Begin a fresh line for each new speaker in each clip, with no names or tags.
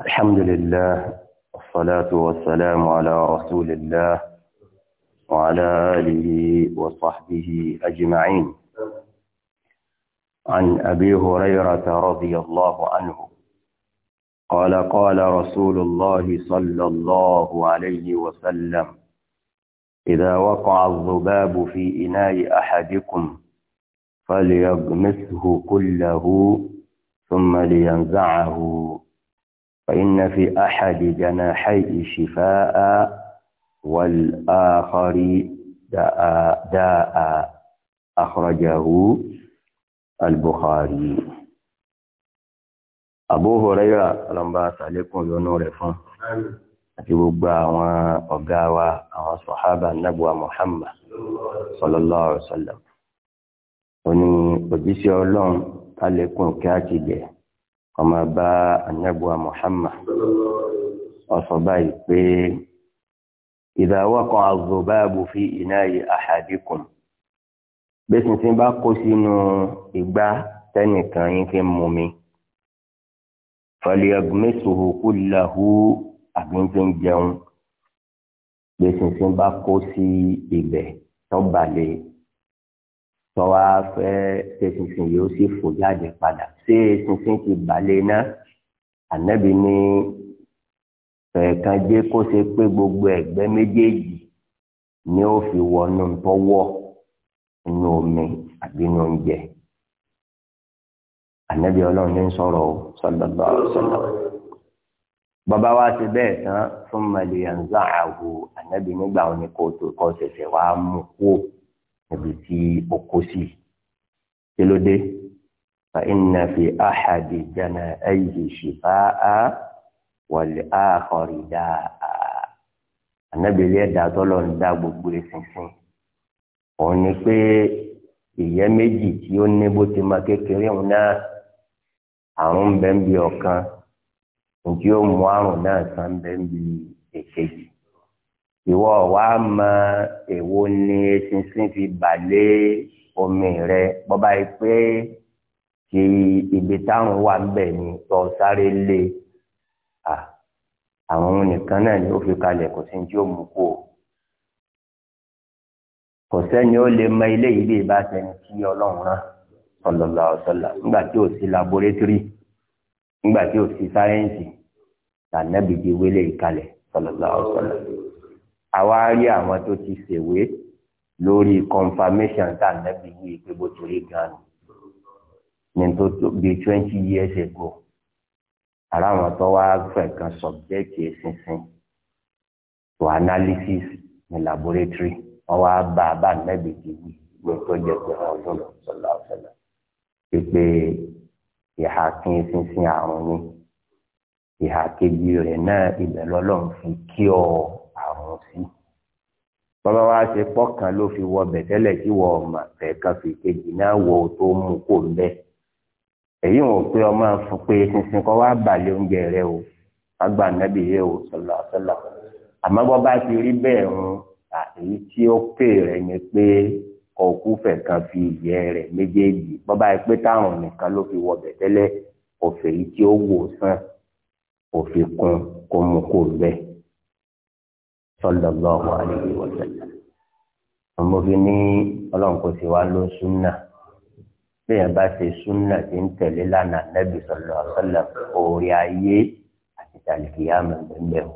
الحمد لله والصلاة والسلام على رسول الله وعلى آله وصحبه أجمعين عن أبي هريرة رضي الله عنه قال قال رسول الله صلى الله عليه وسلم إذا وقع الذباب في إناء أحدكم فليغمسه كله ثم لينزعه فإن في أحد جناحي شفاء والآخر داء, داء أخرجه البخاري Abu Huraira ọlọ́mbà sàlékún yọnú rẹ̀ fún àti gbogbo àwọn ọ̀gá wa àwọn sọ̀hábà nàbùwà Muhammad sallallahu alaihi wasallam ó ní òjíṣẹ́ ọlọ́run tálékún kí á ti jẹ́ kọmọ bá anábùwà Muhammad wọ́n sọ báyìí pé idha waqa'a adh-dhubabu fi ina'i ahadikum bẹ́sì tí bá kó sínú ìgbá tẹ́nìkan yín fi mú mi falyaghmisuhu kullahu àgbẹ̀ǹfẹ̀ jẹun bẹ́sì tí bá kó sí ibẹ̀ tọ́balẹ̀ tọ́wá fẹ́ ṣèṣinṣin yóò sì fò jáde padà ṣé ṣinṣin ti balẹ̀ náà ànábì ní ẹ̀ẹ̀kan jẹ́ kó ṣe pé gbogbo ẹ̀gbẹ́ méjèèjì ni ó fi wọnú tọ́wọ́ inú omi àbí inú oúnjẹ ànábì ọlọ́run ní sọ̀rọ̀ o sọ̀dọ̀dọ̀ sọ̀dọ̀ bàbá wa ṣe bẹ́ẹ̀ tán fún màlìyàn záàwò ànábì nígbà wọn ni kò tó kọ́ ṣẹ̀ṣẹ̀ wàá mú kú o níbi tí ó kó sí kí ló dé fa inna fi ahadi janaihi shifaa wal akhari daa ànábìlẹ̀ ẹ̀dá tọ́lọ̀ ń dá gbogbo ìsinsin òun ni pé ìyẹ́ méjì tí ó ní bó ti máa kékeré òun náà àrùn bẹ́ẹ̀ bí ọ̀kan ǹjẹ́ ó mú àrùn náà san bẹ́ẹ̀ bí èkejì ìwọ wa mọ èwo ni eṣinṣin fi bà lé omi rẹ bọba yìí pé kí ibi táwọn wà ń bẹ ni tó sáré lé àwọn ohun nìkan náà ni ó fi kalẹ̀ kò sí ní tí ó mú kú o kò sẹ́ni ó lè mọ ilé yìí bí ìbá sẹ́ni tí ọlọ́run rán sọlọ́lá ọ̀sọ́lá nígbà tí ò sí laborétírì nígbà tí ò sí sáyẹ́ǹsì lànà wélé ìkalẹ̀ sọlọ́lá ọ̀sọ́lá àwa rí àwọn tó ti ṣèwé lórí confirmation tá à nẹ́bí wí pé bó ti rí gan ni tó tó bí twenty years ago ara àwọn tó wá fẹ̀ kan subject ẹ̀sìnsìn to analysis ní laboratory wọ́n wá bá a bá nẹ́bí ti wí ní tó jẹ́ pé wọ́n ọdún lọ sọ̀lá ọ̀sẹ̀lá pípé ìhà kí n sínsìn àrùn ni ìhà kejì rẹ̀ náà ibẹ̀ lọ́lọ́run fi kí ọ ọ̀rọ̀ sí. bọ́lá wa ṣe pọ́kàn ló fi wọ bẹ̀tẹ́lẹ̀ tí wọ́n ọ̀mà ẹ̀ka fi kejì náà wọ tó mú kó ń bẹ́. èyí wọn pé ọmọ fún pé sísìn kọ́ wá balẹ̀ oúnjẹ rẹ o àgbà nàbì yẹ o sọlá sọlá àmọ́ bọ́ bá ti rí bẹ́ẹ̀ ń èyí tí ó pè rẹ̀ ni pé ọkú fẹ̀ kan fi ìyẹ́ rẹ̀ méjèèjì bọ́ bá yẹ pé táwọn nìkan ló fi wọ bẹ̀tẹ́lẹ̀ òfè yìí tí ó wò sàn òfin kun kó mú kó bẹ́ẹ̀ sallallahu alayhi wa sallam ọmọbìnrin ní ọlọ́run kò sí wa ló súnà bẹ́ẹ̀ bá ṣe súnà tí ń tẹ̀lé lánàá nẹ́bí sallallahu alayhi wa sallam orí ayé àti tàlìkìyà mẹ́mẹ́mẹ́ o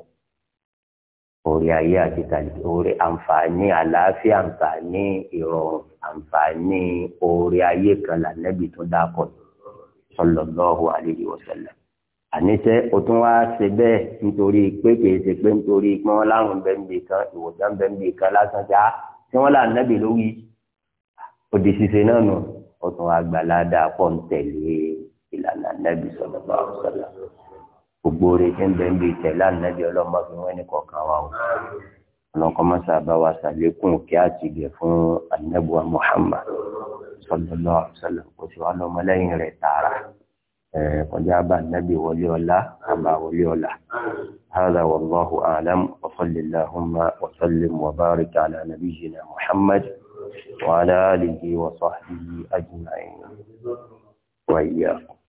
orí ayé àti tàlìkìyà orí àǹfààní àlàáfíà àǹfààní ìrọ̀rùn àǹfààní orí ayé kan lànẹ́bí tó dáa pọ̀ sallallahu alayhi wa àníṣe o tún wá ṣe bẹ́ẹ̀ nítorí pé kìí ṣe pé nítorí pé wọ́n láwọn bẹ́ẹ̀nbì kan ìwòsàn bẹ́ẹ̀nbì kan lásán já tí wọ́n là nẹ́bì lórí òdì ṣiṣẹ́ náà nù o tún wá gbà ládàá pọ̀ ń tẹ̀lé ìlànà nẹ́bì sọ̀rọ̀ bá ọ sọ̀rọ̀ gbogbo rẹ̀ ṣe ń bẹ́ẹ̀nbì tẹ̀lé ànẹ́bì ọlọ́mọ fi wọ́n ní kọ̀ọ̀kan wa o ọlọ́kọ́mọ́sá bá wa kọjá bá nàbí wọlé ọlá àmà wọlé ọlá hádà wàlláhu alam wasallillahumma wasallim wa barik ala nabiyyina muhammad wa ala alihi wa sahbihi ajma'in wa iyyakum